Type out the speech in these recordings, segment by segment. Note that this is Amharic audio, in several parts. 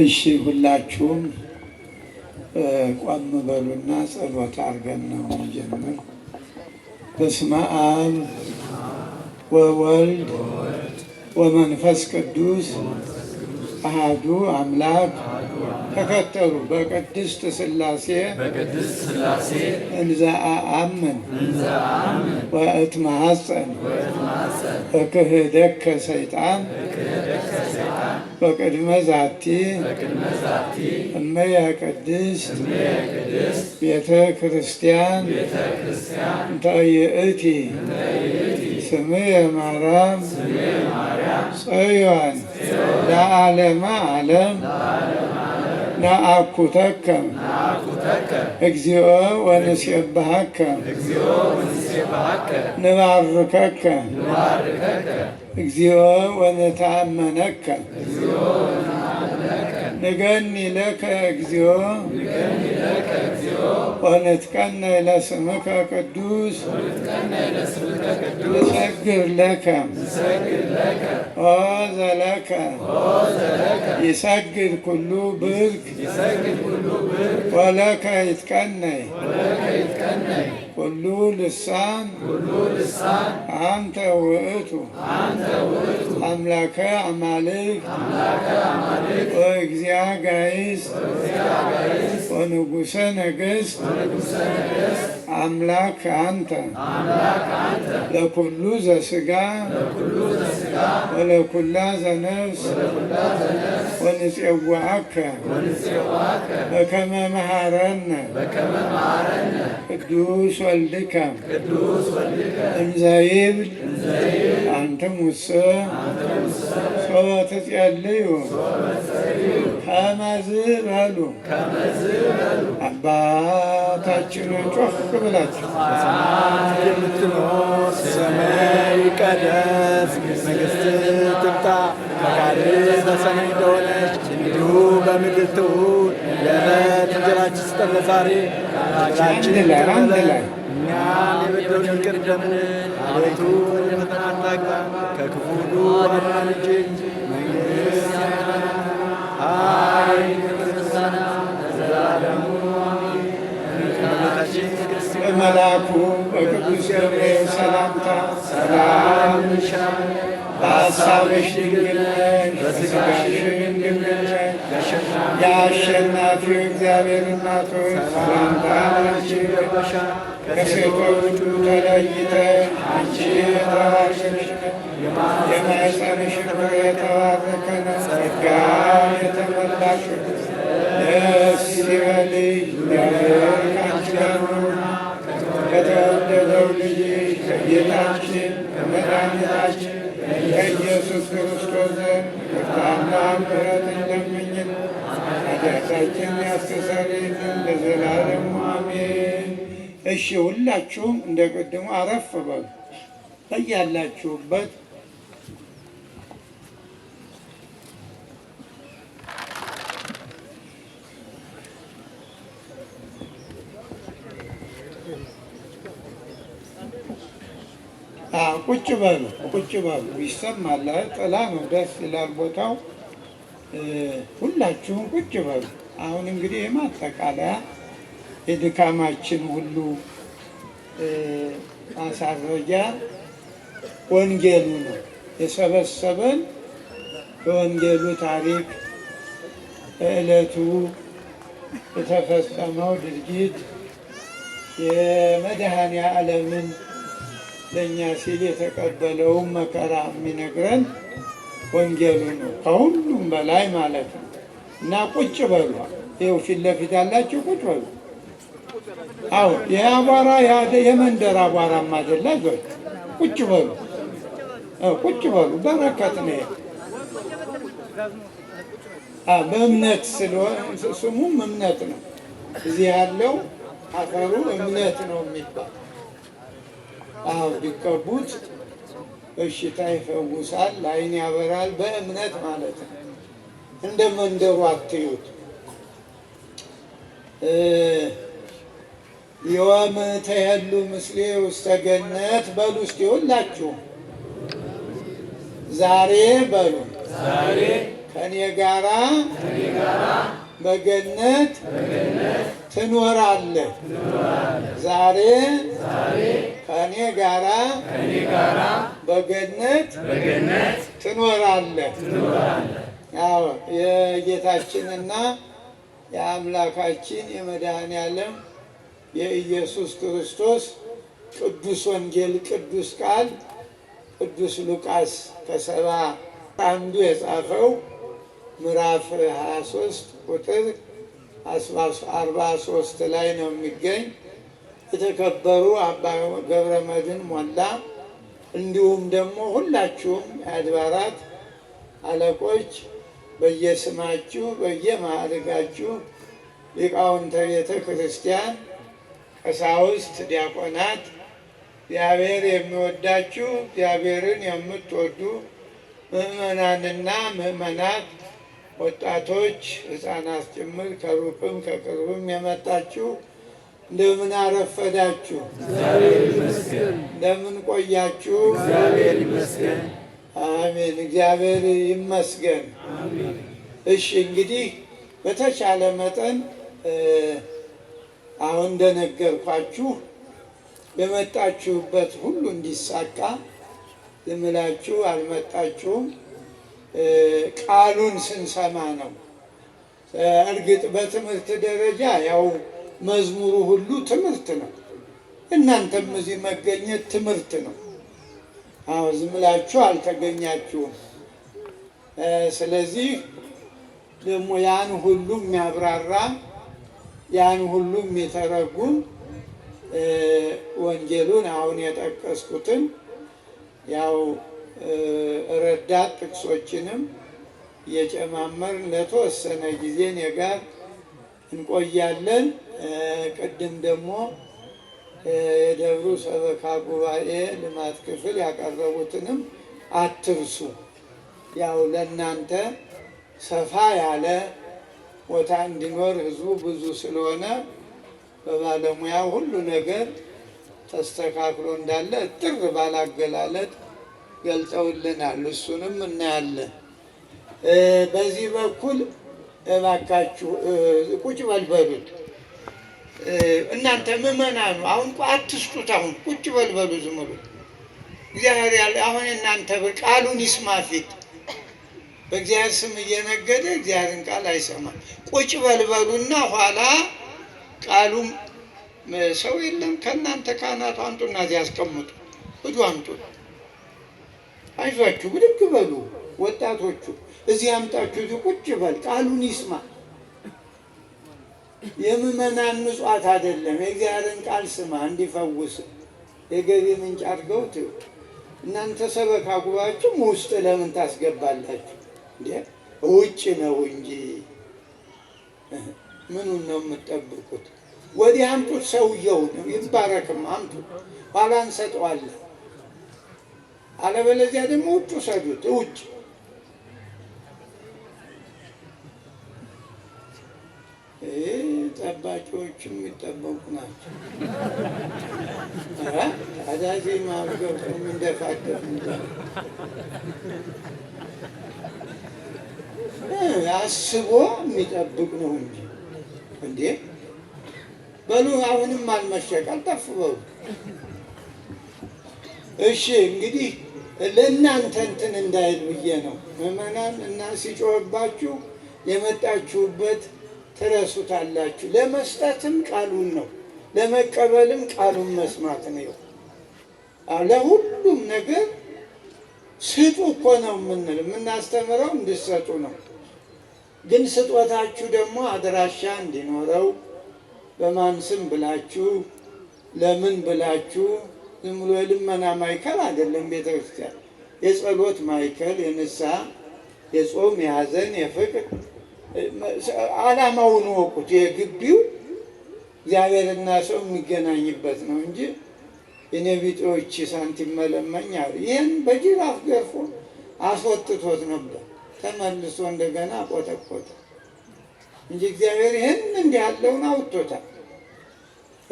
እሺ ሁላችሁም ቆም በሉና ጸሎት አድርገን ነው ጀምር። በስመ አብ ወወልድ ወመንፈስ ቅዱስ አህዱ አምላክ ተከተሉ በቅድስት ስላሴ እንዘ አአምን ወእትማሐፀን ወክህደከ ሰይጣን በቅድመ ዛቲ እመየ ቅድስት ቤተ ክርስቲያን እንተይእቲ ስምየ ማርያም ጽዮን ለዓለመ ዓለም ነአኩተከም እግዚኦ ወንሴብሐከ ንባርከከ እግዚኦ ወነተአመነከ نغني لك أجزيو نغني لك أجزيو ونتكنى إلى سمك قدوس ونتكنى إلى سمك قدوس نسجر لك نسجر لك هذا لك هذا لك يسجل كل برك يسجل كل برك ولك يتكنى ولك يتكنى ኩሉ ልሳን አንተ ውእቱ አምላከ አማልክ ወእግዚአ ጋይስ ወንጉሰ ነገሥት አምላክ አንተ ለኩሉ ዘሥጋ ولو ولكلاز نفس ونسئوعك بكما مهارنا قدوس والدك امزايب أنتم السا صوتت يليو ከመዝበሉ አባታችን ጮክ ብላችሁ የምትኖር ስምህ ይቀደስ፣ መንግሥትህ ትምጣ፣ ፈቃድህ በሰማይ እንደሆነች እንዲሁ በምድር ትሁን። የዕለት እንጀራችንን ስጠን ዛሬ። አንድ ላይ እኛም የበደሉንን ይቅር እንደምንል፣ አቤቱ ወደ ፈተና አታግባን፣ ከክፉ አድነን እንጂ መንግሥት መላኩ በቅዱስ ገብርኤል ሰላምታ ሰላም እንልሻለን። በሐሳብሽ ድንግል ነሽ፣ ድንግል ነሽ። እግዚአብሔር እናት ሆይ ሰላምታ አንቺ ይገባሻል። ከሴቶች ሁሉ ተለይተሽ አንቺ የተባረክሽ የማኅፀንሽ ፍሬ የተባረከ ነው። ጸጋን የተመላሽ ደስ ይበልሽ እግዚአብሔር ካንቺ ጋር ነውና ከተወደደው ልጅሽ ከጌታችን ከመድኃኒታችን ከኢየሱስ ክርስቶስ ዘንድ ይቅርታና ምሕረት እንለምኝን ኃጢአታችንን ያስተሰርይልን ለዘላለሙ አሜን። እሺ ሁላችሁም እንደ ቅድሙ አረፍ በሉ በያላችሁበት ቁጭ በሉ ቁጭ በሉ ይሰማል። ጥላ ነው ደስ ይላል ቦታው። ሁላችሁም ቁጭ በሉ። አሁን እንግዲህ የማጠቃለያ የድካማችን ሁሉ ማሳረጃ ወንጌሉ ነው የሰበሰበን በወንጌሉ ታሪክ በዕለቱ የተፈጸመው ድርጊት የመድኃኔ ዓለምን ለእኛ ሲል የተቀበለውን መከራ የሚነግረን ወንጌሉ ነው፣ ከሁሉም በላይ ማለት ነው። እና ቁጭ በሉ፣ ይኸው ፊት ለፊት ያላችሁ ቁጭ በሉ። አዎ ይህ አቧራ የመንደር አቧራም አይደለ፣ ቁጭ በሉ፣ ቁጭ በሉ። በረከት ነው በእምነት ስለሆነ ስሙም እምነት ነው። እዚህ ያለው አፈሩ እምነት ነው የሚባል ቢቀቡት በሽታ ይፈውሳል፣ አይን ያበራል። በእምነት ማለት ነው። እንደ መንደሩ አትዩት። የወምተ ያሉ ምስሌ ውስተ ገነት በሉ እስኪ ሁላችሁ ዛሬ በሉ ከኔ ጋራ በገነት ትኖራለህ ዛሬ ከእኔ ጋራ በገነት ትኖራለህ። አዎ የጌታችንና የአምላካችን የመድኃኔዓለም የኢየሱስ ክርስቶስ ቅዱስ ወንጌል ቅዱስ ቃል ቅዱስ ሉቃስ ከሰባ አንዱ የጻፈው ምዕራፍ 23 ቁጥር 43 ላይ ነው የሚገኝ። የተከበሩ አባ ገብረ መድን ሞላ እንዲሁም ደግሞ ሁላችሁም የአድባራት አለቆች በየስማችሁ በየማዕርጋችሁ ሊቃውንተ ቤተ ክርስቲያን፣ ቀሳውስት፣ ዲያቆናት እግዚአብሔር የሚወዳችሁ እግዚአብሔርን የምትወዱ ምዕመናንና ምእመናት፣ ወጣቶች፣ ህፃናት ጭምር ከሩቅም ከቅርብም የመጣችሁ እንደምን አረፈዳችሁ? እግዚአብሔር ይመስገን። እንደምን ቆያችሁ? እግዚአብሔር ይመስገን። አሜን። እግዚአብሔር ይመስገን። እሺ እንግዲህ በተቻለ መጠን አሁን እንደነገርኳችሁ በመጣችሁበት ሁሉ እንዲሳካ ዝምላችሁ አልመጣችሁም። ቃሉን ስንሰማ ነው። እርግጥ በትምህርት ደረጃ ያው መዝሙሩ ሁሉ ትምህርት ነው። እናንተም እዚህ መገኘት ትምህርት ነው። አዎ ዝም ብላችሁ አልተገኛችሁም። ስለዚህ ደግሞ ያን ሁሉ የሚያብራራ ያን ሁሉ የሚተረጉም ወንጌሉን አሁን የጠቀስኩትን ያው ረዳት ጥቅሶችንም የጨማመር ለተወሰነ ጊዜ እኔ ጋር እንቆያለን። ቅድም ደግሞ የደብሩ ሰበካ ጉባኤ ልማት ክፍል ያቀረቡትንም አትርሱ። ያው ለእናንተ ሰፋ ያለ ቦታ እንዲኖር ህዝቡ ብዙ ስለሆነ በባለሙያ ሁሉ ነገር ተስተካክሎ እንዳለ እጥር ባላገላለጥ ገልጠውልናል እሱንም እናያለን። በዚህ በኩል እባካችሁ ቁጭ በልበሉት እናንተ ምዕመናኑ አሁን እኮ አትስጡት። አሁን ቁጭ በልበሉ፣ ዝም ብሎ እግዚአብሔር ያለ አሁን እናንተ ቃሉን ይስማ ፊት በእግዚአብሔር ስም እየነገደ እግዚአብሔርን ቃል አይሰማም። ቁጭ በልበሉና ኋላ ቃሉም ሰው የለም ከእናንተ ካህናቱ አንጡና እዚህ ያስቀምጡ እዱ አንጡ። አይዟችሁ ብድግ በሉ ወጣቶቹ፣ እዚህ አምጣችሁ እዚህ ቁጭ በል ቃሉን ይስማ የምመናን ምጽዋት አይደለም። የእግዚአብሔርን ቃል ስማ እንዲፈውስ የገቢ ምንጭ አድርገው ትዩ። እናንተ ሰበካ ጉባኤያችሁም ውስጥ ለምን ታስገባላችሁ? ውጭ ነው እንጂ ምኑን ነው የምጠብቁት? ወዲህ አምጡት። ሰውየው ነው ይባረክም፣ አምጡ፣ ኋላ እንሰጠዋለን። አለበለዚያ ደግሞ ውጭ ሰዱት ውጭ ይህ ጠባቂዎች የሚጠበቁ ናቸው። አዳዜ ማብገብ እንደፋደፍ አስቦ የሚጠብቅ ነው እንጂ እንዴ በሉ አሁንም አልመሸቃል ጠፍ በሉ። እሺ እንግዲህ ለእናንተ እንትን እንዳይል ብዬ ነው ምዕመናን እና ሲጮህባችሁ የመጣችሁበት ትረሱታላችሁ። ለመስጠትም ቃሉን ነው፣ ለመቀበልም ቃሉን መስማት ነው። ለሁሉም ነገር ስጡ እኮ ነው የምንል የምናስተምረው እንድሰጡ ነው። ግን ስጦታችሁ ደግሞ አድራሻ እንዲኖረው በማን ስም ብላችሁ ለምን ብላችሁ ዝም ብሎ የልመና ማዕከል አይደለም ቤተ ክርስቲያን። የጸሎት ማዕከል፣ የንሳ የጾም፣ የሐዘን፣ የፍቅር አላማውን ወቁት። የግቢው እግዚአብሔርና ሰው የሚገናኝበት ነው እንጂ የነቢጤዎች ሳንቲም መለመኝ አሉ። ይህን በጅራፍ ገርፎ አስወጥቶት ነበር። ተመልሶ እንደገና ቆጠቆጠ እንጂ እግዚአብሔር ይህን እንዲህ ያለውን አውጥቶታል።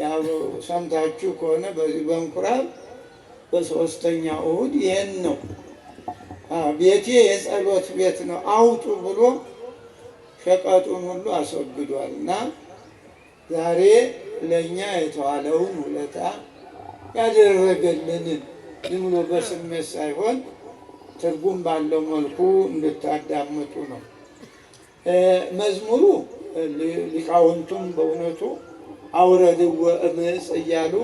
ያው ሰምታችሁ ከሆነ በዚህ በምኩራብ በሶስተኛ እሁድ ይህን ነው ቤቴ የጸሎት ቤት ነው አውጡ ብሎ ሸቀጡን ሁሉ አስወግዷል እና ዛሬ ለእኛ የተዋለውን ውለታ ያደረገልንን ዝም ብሎ በስሜት ሳይሆን ትርጉም ባለው መልኩ እንድታዳምጡ ነው። መዝሙሩ ሊቃውንቱም በእውነቱ አውረድወ እምዕፅ እያሉ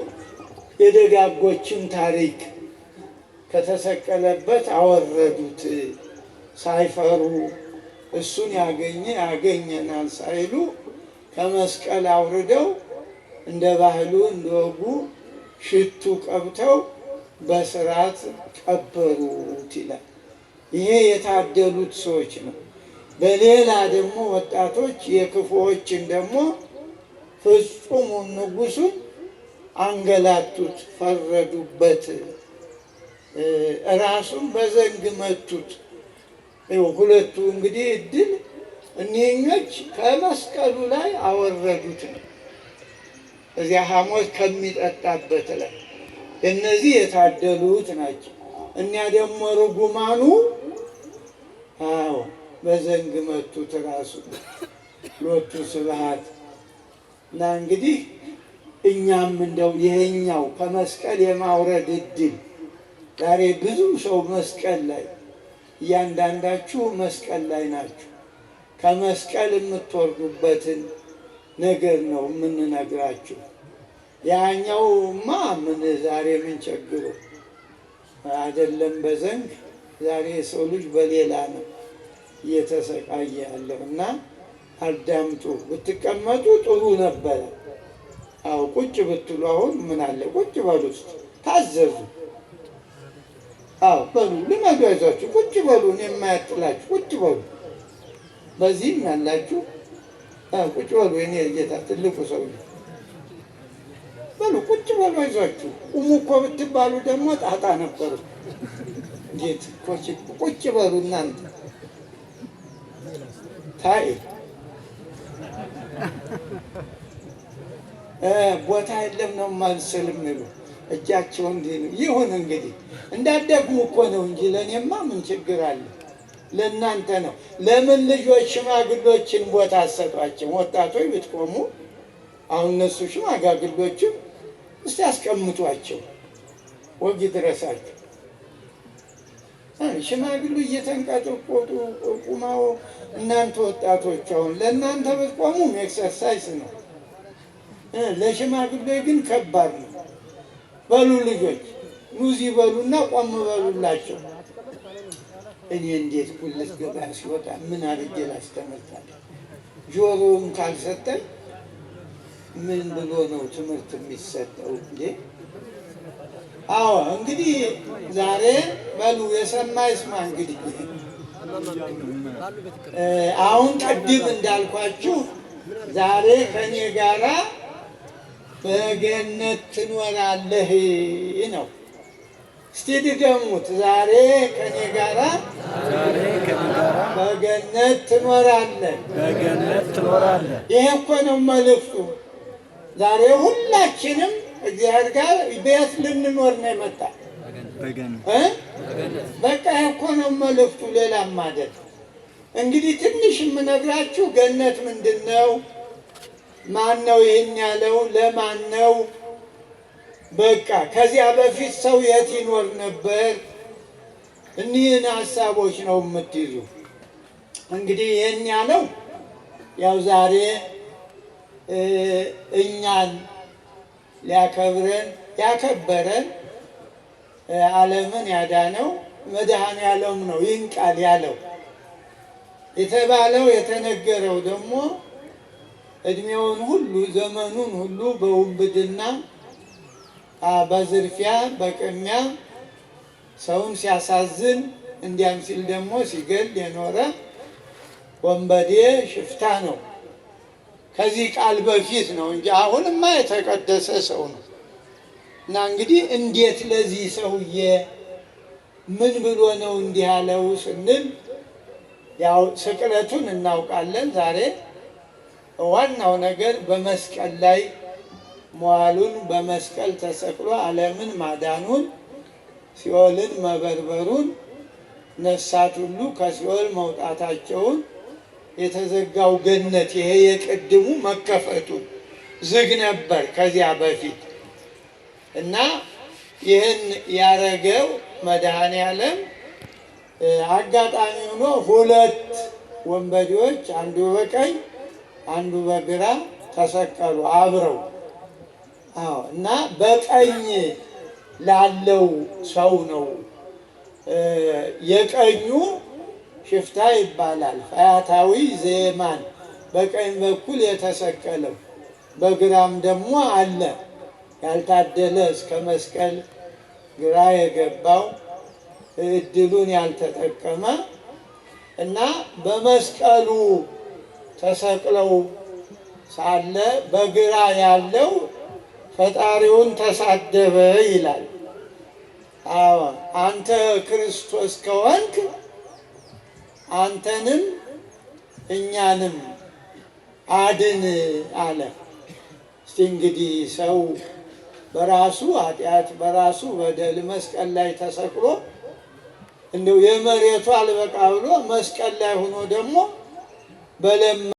የደጋጎችን ታሪክ ከተሰቀለበት አወረዱት ሳይፈሩ እሱን ያገኘ ያገኘናል ሳይሉ ከመስቀል አውርደው እንደ ባህሉ እንደ ወጉ ሽቱ ቀብተው በስርዓት ቀበሩት ይላል። ይሄ የታደሉት ሰዎች ነው። በሌላ ደግሞ ወጣቶች የክፉዎችን ደግሞ ፍጹሙን ንጉሱን አንገላቱት፣ ፈረዱበት፣ ራሱን በዘንግ መቱት። ሁለቱ እንግዲህ እድል እኒህኞች ከመስቀሉ ላይ አወረዱት ነው። እዚያ ሐሞት ከሚጠጣበት ላይ እነዚህ የታደሉት ናቸው። እኛ ደግሞ ርጉማኑ አዎ በዘንግ መቱት ራሱ ሎቱ ስብሃት እና እንግዲህ እኛም እንደው ይሄኛው ከመስቀል የማውረድ እድል ዛሬ ብዙ ሰው መስቀል ላይ እያንዳንዳችሁ መስቀል ላይ ናችሁ። ከመስቀል የምትወርዱበትን ነገር ነው የምንነግራችሁ። ያኛውማ ምን ዛሬ ምን ቸግሮ አይደለም በዘንግ ዛሬ የሰው ልጅ በሌላ ነው እየተሰቃየ ያለው እና አዳምጡ። ብትቀመጡ ጥሩ ነበረ። አዎ ቁጭ ብትሉ አሁን ምን አለ ቁጭ በሉ ውስጥ ታዘዙ። አዎ በሉ ቁጭ በሉ። እኔ የማያጥላችሁ ቁጭ በሉ። በዚህም ያላችሁ ቁጭ በሉ። ጌታ ትልቁ በሉ፣ ቁጭ በሉ። አይዟችሁ። ቁሙ እኮ ብትባሉ ደግሞ ጣጣ ነበሩ። ጌት ቁጭ በሉ እናንተ ታይ ቦታ የለም ነው ማልሰልም ይሉ እጃቸው እንዲህ ነው። ይሁን እንግዲህ እንዳደጉ እኮ ነው እንጂ ለእኔማ ምን ችግር አለ? ለእናንተ ነው። ለምን ልጆች ሽማግሎችን ቦታ አሰጧቸው? ወጣቶች ብትቆሙ አሁን እነሱ ሽማግሎችም እስቲ አስቀምጧቸው፣ ወግ ይድረሳቸው። ሽማግሉ እየተንቀጠቆጡ ቁማው፣ እናንተ ወጣቶች አሁን ለእናንተ ብትቆሙ ኤክሰርሳይዝ ነው፣ ለሽማግሎች ግን ከባድ ነው። በሉ ልጆች ኑዚ በሉና ቆም በሉላቸው። እኔ እንዴት ጉልት ገበያ ሲወጣ ምን አድርጌ ላስተምርታለሁ? ጆሮውን ካልሰጠኝ ምን ብሎ ነው ትምህርት የሚሰጠው? እንዴ አዎ፣ እንግዲህ ዛሬ በሉ የሰማ ይስማ። እንግዲህ አሁን ቅድም እንዳልኳችሁ ዛሬ ከእኔ ጋራ በገነት ትኖራለህ ነው። እስቲ ድገሙት። ዛሬ ከኔ ጋራ በገነት ትኖራለህ፣ በገነት ትኖራለህ። ይሄ እኮ ነው መልእክቱ። ዛሬ ሁላችንም እግዚአብሔር ጋር ቤት ልንኖር ነው የመጣ በቃ እኮ ነው መልእክቱ። ሌላም ማለት እንግዲህ ትንሽ የምነግራችሁ ገነት ምንድን ነው ማን ነው ይህን ያለው? ለማን ነው? በቃ ከዚያ በፊት ሰው የት ይኖር ነበር? እኒህን ሀሳቦች ነው የምትይዙ። እንግዲህ ይህን ያለው ያው ዛሬ እኛን ሊያከብረን ያከበረን ዓለምን ያዳነው መድኃኔ ዓለም ነው። ይህን ቃል ያለው የተባለው የተነገረው ደግሞ እድሜውን ሁሉ ዘመኑን ሁሉ በውንብድና በዝርፊያ በቅሚያ ሰውን ሲያሳዝን እንዲያም ሲል ደግሞ ሲገል የኖረ ወንበዴ ሽፍታ ነው። ከዚህ ቃል በፊት ነው እንጂ አሁንማ የተቀደሰ ሰው ነው። እና እንግዲህ እንዴት ለዚህ ሰውዬ ምን ብሎ ነው እንዲህ ያለው ስንል ያው ስቅለቱን እናውቃለን ዛሬ ዋናው ነገር በመስቀል ላይ መዋሉን በመስቀል ተሰቅሎ ዓለምን ማዳኑን ሲኦልን መበርበሩን ነፍሳት ሁሉ ከሲኦል መውጣታቸውን የተዘጋው ገነት ይሄ የቅድሙ መከፈቱን ዝግ ነበር ከዚያ በፊት እና ይህን ያረገው መድኃኔ ዓለም አጋጣሚ ሆኖ ሁለት ወንበዴዎች አንዱ በቀኝ አንዱ በግራ ተሰቀሉ አብረው እና በቀኝ ላለው ሰው ነው። የቀኙ ሽፍታ ይባላል። ፈያታዊ ዜማን በቀኝ በኩል የተሰቀለው በግራም ደግሞ አለ ያልታደለ እስከ መስቀል ግራ የገባው እድሉን ያልተጠቀመ እና በመስቀሉ ተሰቅለው ሳለ በግራ ያለው ፈጣሪውን ተሳደበ ይላል። አዎ አንተ ክርስቶስ ከሆንክ አንተንም እኛንም አድን አለ። እስቲ እንግዲህ ሰው በራሱ ኃጢአት በራሱ በደል መስቀል ላይ ተሰቅሎ እንደው የመሬቱ አልበቃ ብሎ መስቀል ላይ ሆኖ ደግሞ böyle